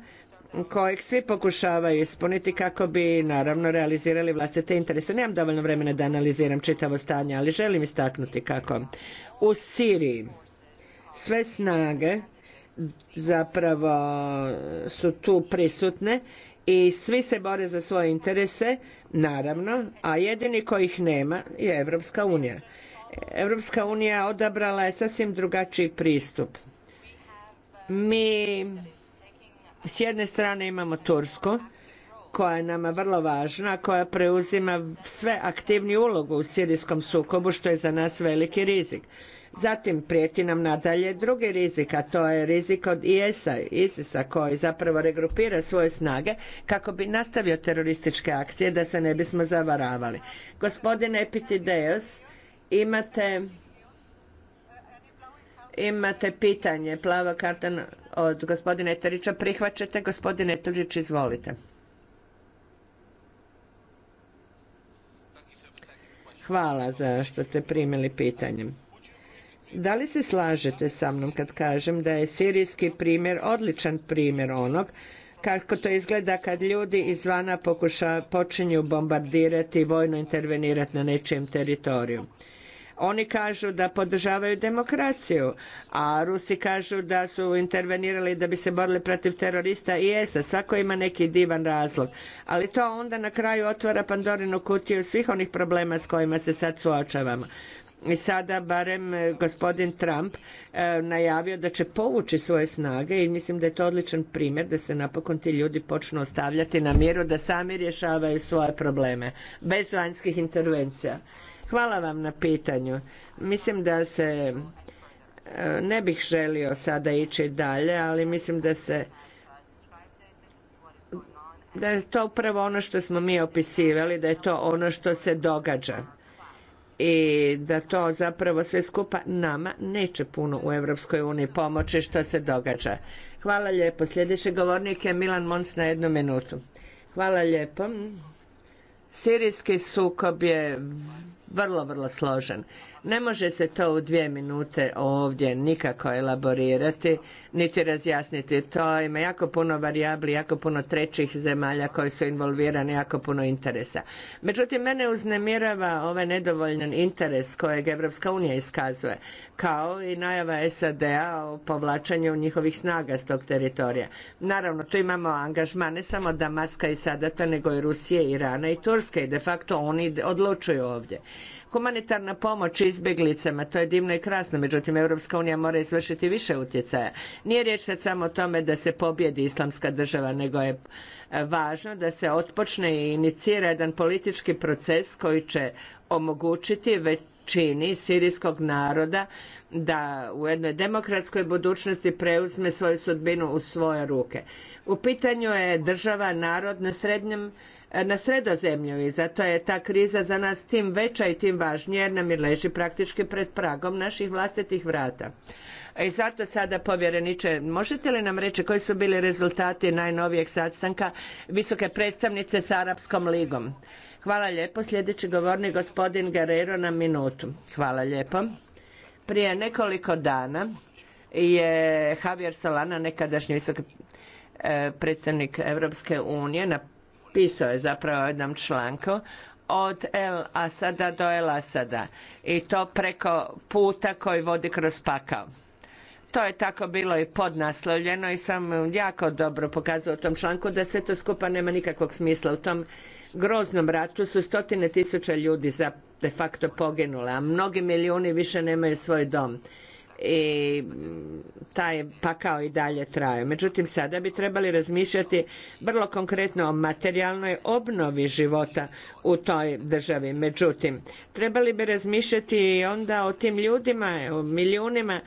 kojeg svi pokušavaju ispuniti kako bi naravno realizirali vlastite interese. Nemam dovoljno vremena da analiziram čitavo stanje, ali želim istaknuti kako u Siriji sve snage zapravo su tu prisutne i svi se bore za svoje interese, naravno, a jedini kojih nema je Evropska unija. Evropska unija odabrala je sasvim drugačiji pristup. Mi s jedne strane imamo Tursku koja je nama vrlo važna, koja preuzima sve aktivniju ulogu u sirijskom sukobu što je za nas veliki rizik. Zatim prijeti nam nadalje drugi rizik, a to je rizik od IS-a, ISIS-a koji zapravo regrupira svoje snage kako bi nastavio terorističke akcije da se ne bismo zavaravali. Gospodine Epitideos, imate, imate pitanje, plava karta od gospodina Eterića prihvaćate. Gospodine Eterić, izvolite. Hvala za što ste primili pitanje. Da li se slažete sa mnom kad kažem da je sirijski primjer odličan primjer onog kako to izgleda kad ljudi izvana počinju bombardirati i vojno intervenirati na nečijem teritoriju? Oni kažu da podržavaju demokraciju, a Rusi kažu da su intervenirali da bi se borili protiv terorista i ESA. Svako ima neki divan razlog. Ali to onda na kraju otvara Pandorinu kutiju svih onih problema s kojima se sad suočavamo. I sada barem e, gospodin Trump e, najavio da će povući svoje snage i mislim da je to odličan primjer da se napokon ti ljudi počnu ostavljati na miru da sami rješavaju svoje probleme bez vanjskih intervencija. Hvala vam na pitanju. Mislim da se e, ne bih želio sada ići dalje, ali mislim da se da je to upravo ono što smo mi opisivali, da je to ono što se događa i da to zapravo sve skupa nama neće puno u Europskoj uniji pomoći što se događa. Hvala lijepo. Sljedeći govornik je Milan Mons na jednu minutu. Hvala lijepo. Sirijski sukob je vrlo, vrlo složen. Ne može se to u dvije minute ovdje nikako elaborirati, niti razjasniti. To ima jako puno varijabli, jako puno trećih zemalja koji su involvirani, jako puno interesa. Međutim, mene uznemirava ovaj nedovoljan interes kojeg Evropska unija iskazuje, kao i najava SAD-a o povlačenju njihovih snaga s tog teritorija. Naravno, tu imamo ne samo Damaska i Sadata, nego i Rusije, Irana i Turske i de facto oni odlučuju ovdje. Humanitarna pomoć izbjeglicama, to je divno i krasno, međutim Europska unija mora izvršiti više utjecaja. Nije riječ sad samo o tome da se pobjedi islamska država, nego je e, važno da se otpočne i inicira jedan politički proces koji će omogućiti većini sirijskog naroda da u jednoj demokratskoj budućnosti preuzme svoju sudbinu u svoje ruke. U pitanju je država narod na srednjem na sredozemlju i zato je ta kriza za nas tim veća i tim važnija jer nam je leži praktički pred pragom naših vlastitih vrata. I zato sada povjereniče, možete li nam reći koji su bili rezultati najnovijeg sastanka visoke predstavnice s Arapskom ligom? Hvala lijepo. Sljedeći govornik gospodin Guerrero na minutu. Hvala lijepo. Prije nekoliko dana je Javier Solana, nekadašnji visoki e, predstavnik Europske unije, na pisao je zapravo jedan jednom članku od El Asada do El Asada i to preko puta koji vodi kroz pakao. To je tako bilo i podnaslovljeno i sam jako dobro pokazao u tom članku da sve to skupa nema nikakvog smisla. U tom groznom ratu su stotine tisuća ljudi za de facto poginule, a mnogi milijuni više nemaju svoj dom i taj pakao i dalje traje. Međutim, sada bi trebali razmišljati vrlo konkretno o materijalnoj obnovi života u toj državi. Međutim, trebali bi razmišljati i onda o tim ljudima, o milijunima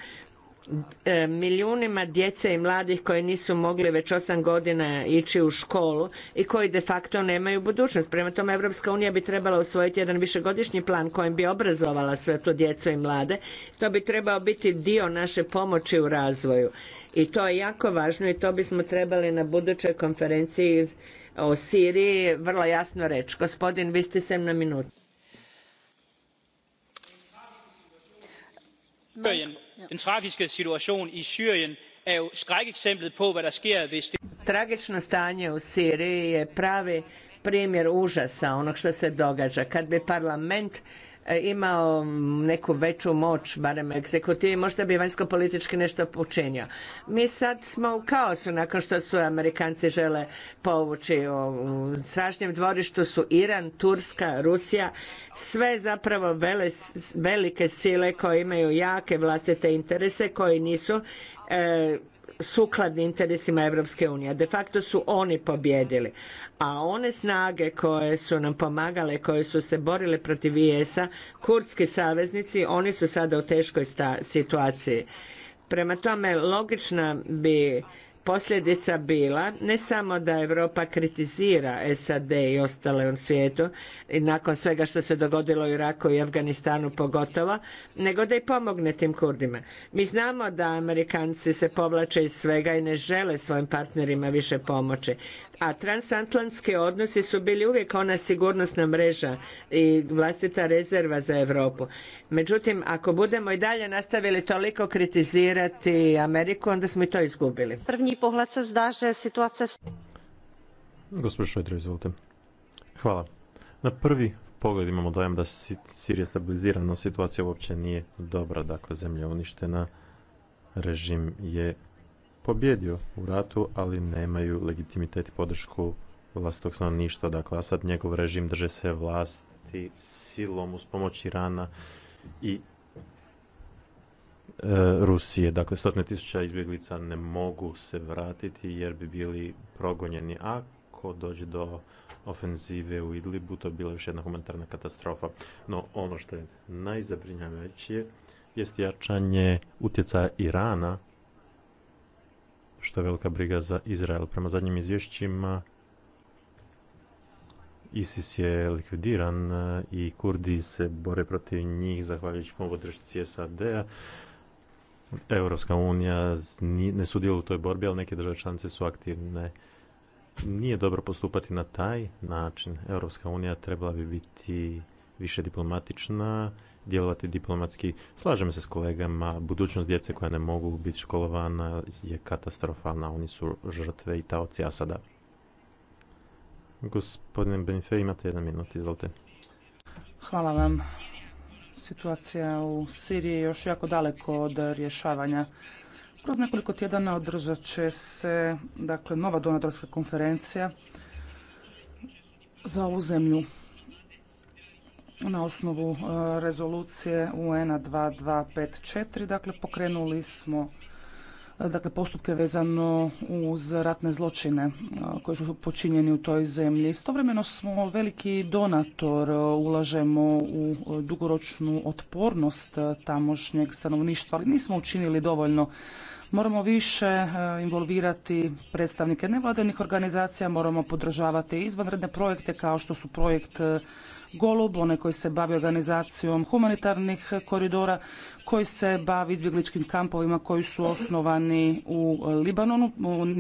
E, milijunima djece i mladih koji nisu mogli već osam godina ići u školu i koji de facto nemaju budućnost. Prema tome, Europska unija bi trebala usvojiti jedan višegodišnji plan kojim bi obrazovala sve tu djecu i mlade. To bi trebao biti dio naše pomoći u razvoju. I to je jako važno i to bismo trebali na budućoj konferenciji o Siriji vrlo jasno reći. Gospodin, vi ste na minutu den tragiske situation i syrien er jo skrækeksemplet på hvad der sker hvis tragično stanje u siriji je pravi primjer užasa onog što se događa kad bi parlament E, imao neku veću moć, barem egzekutivi, možda bi vanjsko-politički nešto učinio. Mi sad smo u kaosu nakon što su Amerikanci žele povući. U strašnjem dvorištu su Iran, Turska, Rusija, sve zapravo velike sile koje imaju jake vlastite interese, koji nisu e, sukladni interesima Europske unije. De facto su oni pobjedili. A one snage koje su nam pomagale, koje su se borile protiv IS-a, kurdski saveznici, oni su sada u teškoj situaciji. Prema tome, logična bi posljedica bila ne samo da Europa kritizira SAD i ostale u svijetu i nakon svega što se dogodilo u Iraku i Afganistanu pogotovo, nego da i pomogne tim Kurdima. Mi znamo da Amerikanci se povlače iz svega i ne žele svojim partnerima više pomoći a transatlantski odnosi su bili uvijek ona sigurnosna mreža i vlastita rezerva za Europu. Međutim, ako budemo i dalje nastavili toliko kritizirati Ameriku, onda smo i to izgubili. Prvni pogled se Hvala. Na prvi pogled imamo dojam da Sirija stabilizirana, no situacija uopće nije dobra. Dakle, zemlja je uništena, režim je pobjedio u ratu, ali nemaju legitimitet i podršku vlastitog stanovništva. Dakle, sad njegov režim drže se vlasti silom uz pomoć Irana i e, Rusije. Dakle, stotne tisuća izbjeglica ne mogu se vratiti jer bi bili progonjeni. Ako dođe do ofenzive u Idlibu, to je bila još jedna humanitarna katastrofa. No, ono što je najzabrinjavajuće jest jačanje utjecaja Irana što je velika briga za Izrael. Prema zadnjim izvješćima ISIS je likvidiran e, i Kurdi se bore protiv njih zahvaljujući podršci SAD-a. Europska unija ne sudjeluje u toj borbi, ali neke države članice su aktivne. Nije dobro postupati na taj način. Europska unija trebala bi biti više diplomatična, djelovati diplomatski. Slažem se s kolegama, budućnost djece koja ne mogu biti školovana je katastrofalna, oni su žrtve i taoci sada? Gospodine Benife, imate jedan minut, izvolite. Hvala vam. Situacija u Siriji je još jako daleko od rješavanja. Kroz nekoliko tjedana održat će se dakle, nova donatorska konferencija za ovu zemlju na osnovu e, rezolucije UN-a 2254. Dakle, pokrenuli smo e, dakle, postupke vezano uz ratne zločine e, koji su počinjeni u toj zemlji. Istovremeno smo veliki donator, ulažemo u dugoročnu otpornost tamošnjeg stanovništva, ali nismo učinili dovoljno Moramo više involvirati predstavnike nevladinih organizacija, moramo podržavati izvanredne projekte kao što su projekt Golub, one koji se bavi organizacijom humanitarnih koridora, koji se bavi izbjegličkim kampovima koji su osnovani u Libanonu.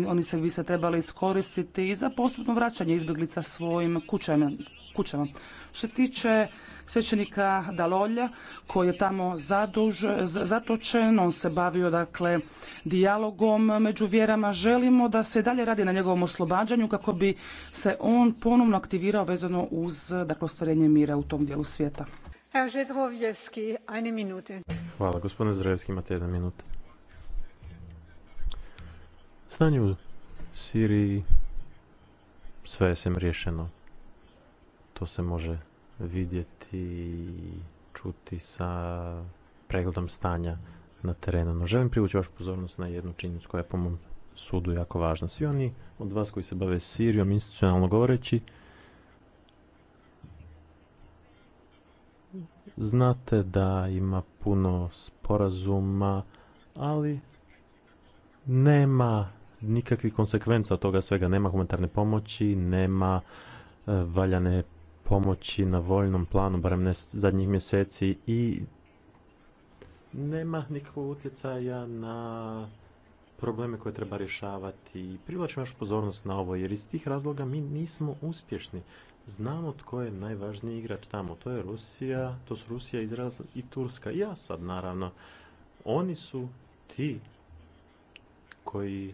Oni se bi se trebali iskoristiti i za postupno vraćanje izbjeglica svojim kućama kućama. Što se tiče svećenika Dalolja koji je tamo zaduž, zatočen, on se bavio dakle dijalogom među vjerama. Želimo da se dalje radi na njegovom oslobađanju kako bi se on ponovno aktivirao vezano uz dakle, ostvarenje mira u tom dijelu svijeta. Hvala, gospodine Zdravjevski, imate jedan minut. Stanje u Siriji sve je sem rješeno to se može vidjeti i čuti sa pregledom stanja na terenu. No želim privući vašu pozornost na jednu činjenicu koja je po mom sudu jako važna. Svi oni od vas koji se bave Sirijom institucionalno govoreći znate da ima puno sporazuma, ali nema nikakvih konsekvenca od toga svega. Nema humanitarne pomoći, nema e, valjane pomoći na vojnom planu, barem ne zadnjih mjeseci, i nema nikakvog utjecaja na probleme koje treba rješavati. I privlačim vašu pozornost na ovo, jer iz tih razloga mi nismo uspješni. Znamo tko je najvažniji igrač tamo. To je Rusija, to su Rusija, Izrael i Turska. I ja sad, naravno. Oni su ti koji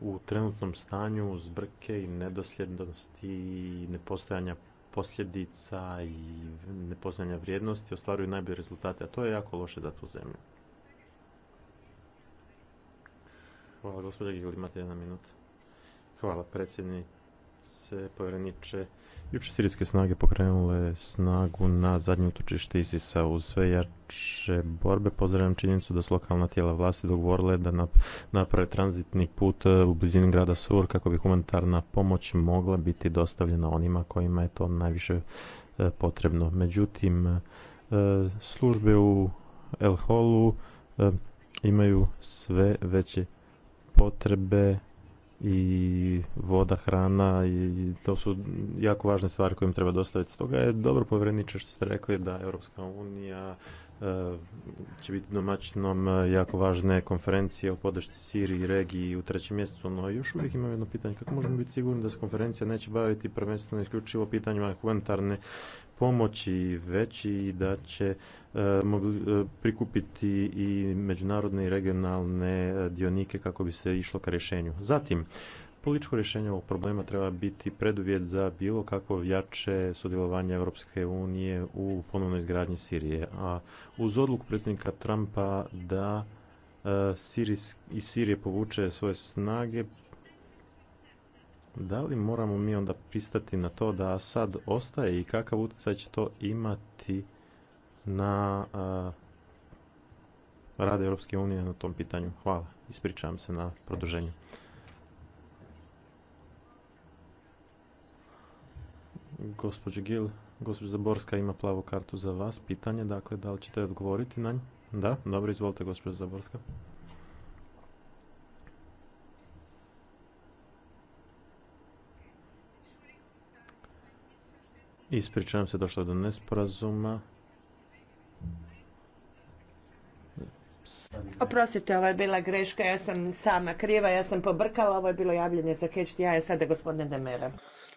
u trenutnom stanju zbrke i nedosljednosti i nepostojanja posljedica i nepoznanja vrijednosti ostvaruju najbolje rezultate, a to je jako loše za tu zemlju. Hvala, gospođa Gigli, imate jedna Hvala, predsjednik se povjereniče jučer sirijske snage pokrenule snagu na zadnje utočište isisa uz sve jače borbe pozdravljam činjenicu da su lokalna tijela vlasti dogovorile da naprave tranzitni put e, u blizini grada sur kako bi humanitarna pomoć mogla biti dostavljena onima kojima je to najviše e, potrebno međutim e, službe u el holu imaju sve veće potrebe i voda, hrana i to su jako važne stvari koje im treba dostaviti. Stoga je dobro povredniče što ste rekli da Europska unija e, će biti domaćinom e, jako važne konferencije o podršci Siriji i regiji u trećem mjesecu, no još uvijek imam jedno pitanje. Kako možemo biti sigurni da se konferencija neće baviti prvenstveno isključivo pitanjima humanitarne pomoći veći i da će e, e, prikupiti i međunarodne i regionalne e, dionike kako bi se išlo ka rješenju. Zatim, političko rješenje ovog problema treba biti preduvjet za bilo kakvo jače sudjelovanje Europske unije u ponovnoj izgradnji Sirije. A uz odluku predsjednika Trumpa da iz Sirije povuče svoje snage, da li moramo mi onda pristati na to da Asad ostaje i kakav utjecaj će to imati na uh, Europske unije na tom pitanju? Hvala. Ispričavam se na produženju. Gospođo Gil, Zaborska ima plavu kartu za vas. Pitanje, dakle, da li ćete odgovoriti na nju? Da, dobro, izvolite, gospođo Zaborska. Ispričavam se, došlo je do nesporazuma. Oprostite, ovo je bila greška, ja sam sama kriva, ja sam pobrkala, ovo je bilo javljanje za catch sada gospodine Demera.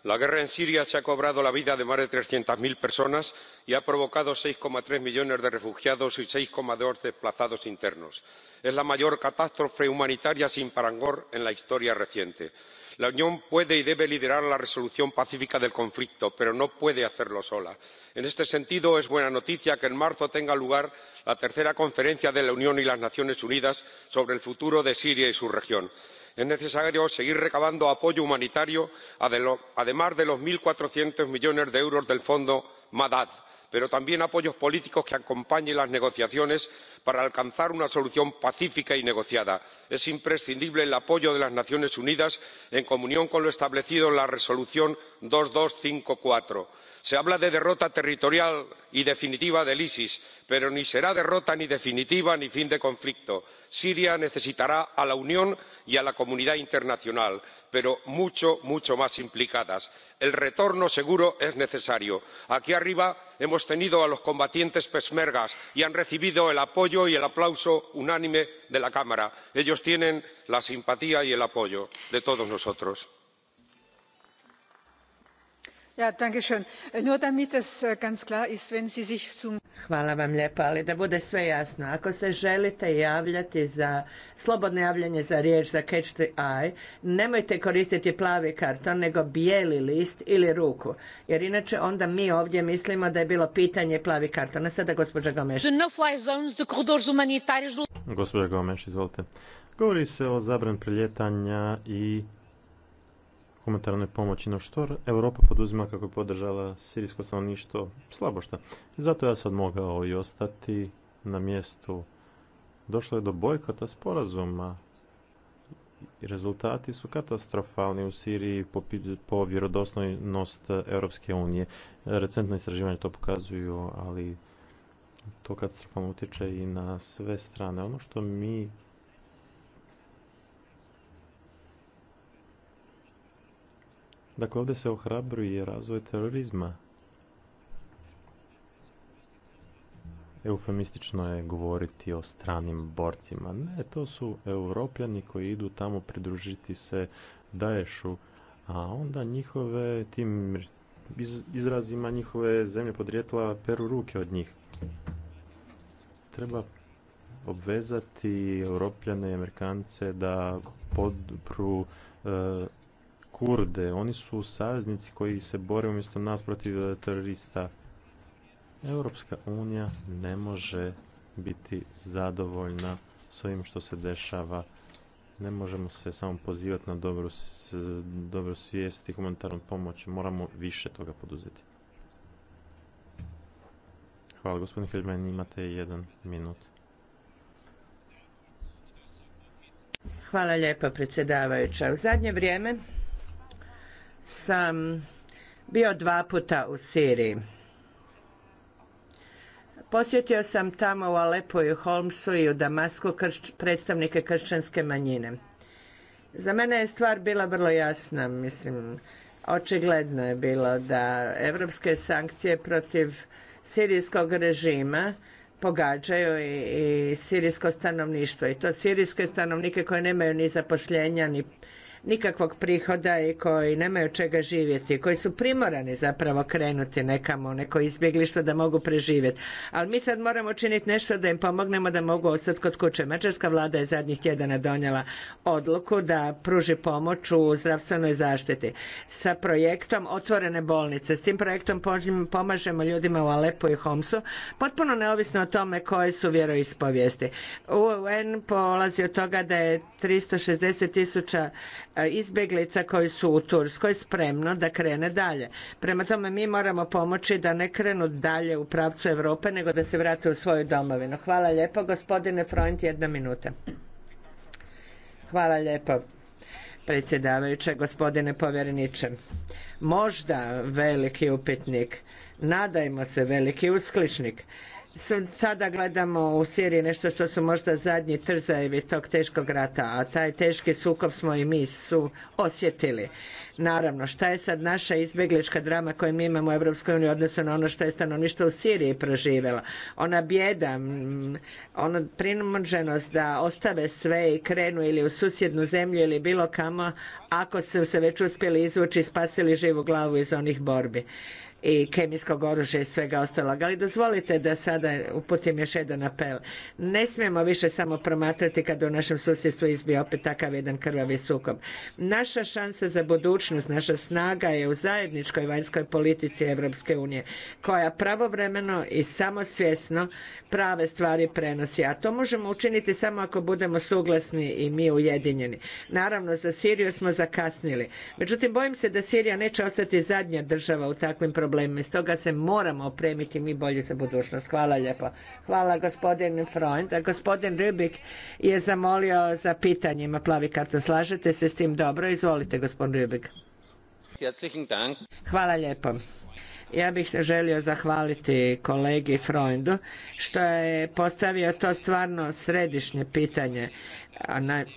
La guerra en Siria se ha cobrado la vida de más de 300.000 personas y ha provocado 6,3 millones de refugiados y 6,2 desplazados internos. Es la mayor catástrofe humanitaria sin parangón en la historia reciente. La Unión puede y debe liderar la resolución pacífica del conflicto, pero no puede hacerlo sola. En este sentido, es buena noticia que en marzo tenga lugar la tercera conferencia de la Unión y las naciones unidas sobre el futuro de siria y su región. es necesario seguir recabando apoyo humanitario además de los uno cuatrocientos millones de euros del fondo madad pero también apoyos políticos que acompañen las negociaciones para alcanzar una solución pacífica y negociada. es imprescindible el apoyo de las naciones unidas en comunión con lo establecido en la resolución. dos mil cuatro se habla de derrota territorial y definitiva del isis pero ni será derrota ni definitiva ni fin de conflicto. siria necesitará a la unión y a la comunidad internacional pero mucho mucho más implicadas. el retorno seguro es necesario. aquí arriba hemos tenido a los combatientes peshmerga y han recibido el apoyo y el aplauso unánime de la cámara. ellos tienen la simpatía y el apoyo de todos nosotros. Hvala vam lijepa, ali da bude sve jasno. Ako se želite javljati za slobodno javljanje za riječ, za catch the eye, nemojte koristiti plavi karton, nego bijeli list ili ruku. Jer inače onda mi ovdje mislimo da je bilo pitanje plavi karton. A sada gospođa Gomeš. Gospođa Gomeš, izvolite. Govori se o zabran priljetanja i humanitarnoj pomoći. No što Europa poduzima kako je podržala sirijsko stanovništvo? Slabo što. Zato ja sad mogao i ostati na mjestu. Došlo je do bojkota sporazuma. Rezultati su katastrofalni u Siriji po, po vjerodostojnost Europske unije. Recentno istraživanje to pokazuju, ali to katastrofalno utječe i na sve strane. Ono što mi Dakle, ovdje se ohrabruje razvoj terorizma. Eufemistično je govoriti o stranim borcima. Ne, to su europljani koji idu tamo pridružiti se Daješu, a onda njihove, tim izrazima njihove zemlje podrijetla peru ruke od njih. Treba obvezati europljane i amerikance da podpru e, kurde oni su saveznici koji se bore umjesto nas protiv e, terorista europska unija ne može biti zadovoljna s ovim što se dešava ne možemo se samo pozivati na e, dobru, svijest i humanitarnu pomoć moramo više toga poduzeti hvala gospodine Heljman, imate jedan minut Hvala lijepa predsjedavajuća. U zadnje vrijeme sam bio dva puta u Siriji. Posjetio sam tamo u Alepu i u Holmsu i u Damasku predstavnike kršćanske manjine. Za mene je stvar bila vrlo jasna, mislim, očigledno je bilo da evropske sankcije protiv sirijskog režima pogađaju i, sirijsko stanovništvo i to sirijske stanovnike koji nemaju ni zaposlenja ni nikakvog prihoda i koji nemaju čega živjeti, koji su primorani zapravo krenuti nekamo, neko izbjeglištvo da mogu preživjeti. Ali mi sad moramo činiti nešto da im pomognemo da mogu ostati kod kuće. Mađarska vlada je zadnjih tjedana donijela odluku da pruži pomoć u zdravstvenoj zaštiti sa projektom otvorene bolnice. S tim projektom pomažemo ljudima u Alepu i Homsu, potpuno neovisno o tome koje su vjeroispovijesti. UN polazi od toga da je 360 tisuća izbjeglica koji su u Turskoj spremno da krene dalje. Prema tome mi moramo pomoći da ne krenu dalje u pravcu Europe nego da se vrate u svoju domovinu. Hvala lijepo gospodine Freund, jedna minuta. Hvala lijepo predsjedavajuće, gospodine povjereniče. Možda veliki upitnik, nadajmo se veliki uskličnik sada gledamo u Siriji nešto što su možda zadnji trzajevi tog teškog rata, a taj teški sukob smo i mi su osjetili. Naravno, šta je sad naša izbjeglička drama koju mi imamo u EU uniji odnosno na ono što je stanovništvo u Siriji proživjelo? Ona bijeda, ona prinuđenost da ostave sve i krenu ili u susjednu zemlju ili bilo kamo ako su se već uspjeli izvući i spasili živu glavu iz onih borbi i kemijskog oružja i svega ostalog. Ali dozvolite da sada uputim još jedan apel. Ne smijemo više samo promatrati kada u našem susjedstvu izbije opet takav jedan krvavi sukob. Naša šansa za budućnost, naša snaga je u zajedničkoj vanjskoj politici Evropske unije koja pravovremeno i samosvjesno prave stvari prenosi. A to možemo učiniti samo ako budemo suglasni i mi ujedinjeni. Naravno, za Siriju smo zakasnili. Međutim, bojim se da Sirija neće ostati zadnja država u takvim problemima probleme. Stoga se moramo opremiti mi bolje za budućnost. Hvala lijepo. Hvala gospodin Freund. A gospodin Rubik je zamolio za pitanjima plavi karton. Slažete se s tim dobro? Izvolite gospodin Rubik. Hvala lijepo. Ja bih se želio zahvaliti kolegi Freundu što je postavio to stvarno središnje pitanje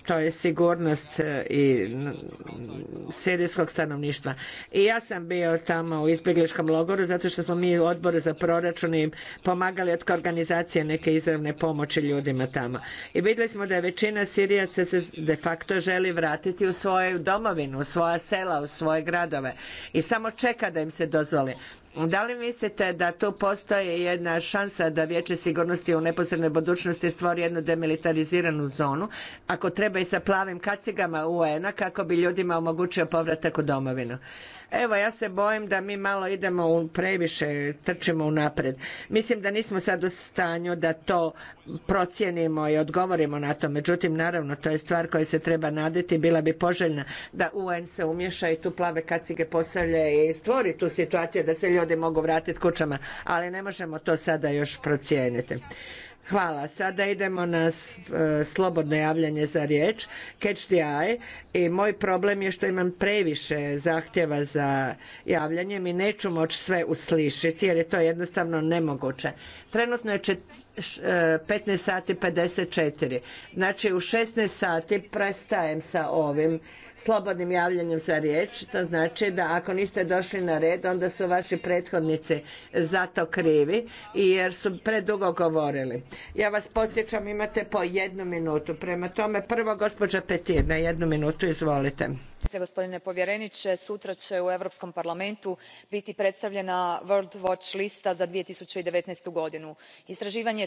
to je sigurnost e, i sirijskog stanovništva. I ja sam bio tamo u izbjegličkom logoru zato što smo mi u odboru za proračun i pomagali od organizacije neke izravne pomoći ljudima tamo. I vidjeli smo da je većina Sirijaca se de facto želi vratiti u svoju domovinu, u svoja sela, u svoje gradove i samo čeka da im se dozvoli. Da li mislite da tu postoji jedna šansa da Vijeće sigurnosti u neposrednoj budućnosti stvori jednu demilitariziranu zonu, ako treba i sa plavim kacigama UN-a kako bi ljudima omogućio povratak u domovinu? Evo, ja se bojim da mi malo idemo u previše, trčimo u napred. Mislim da nismo sad u stanju da to procijenimo i odgovorimo na to. Međutim, naravno, to je stvar koja se treba naditi. Bila bi poželjna da UN se umješa i tu plave kacige postavlja i stvori tu situaciju da se ljudi mogu vratiti kućama. Ali ne možemo to sada još procijeniti. Hvala. Sada idemo na e, slobodno javljanje za riječ. Catch the eye. I moj problem je što imam previše zahtjeva za javljanje. i neću moći sve uslišiti jer je to jednostavno nemoguće. Trenutno je 15 e, sati 54. Znači u 16 sati prestajem sa ovim slobodnim javljanjem za riječ. To znači da ako niste došli na red onda su vaši prethodnici zato krivi jer su predugo govorili. Ja vas podsjećam imate po jednu minutu. Prema tome prvo gospođa Petir na jednu minutu izvolite. Gospodine povjereniče, sutra će u Europskom parlamentu biti predstavljena World Watch lista za 2019. godinu. Istraživanje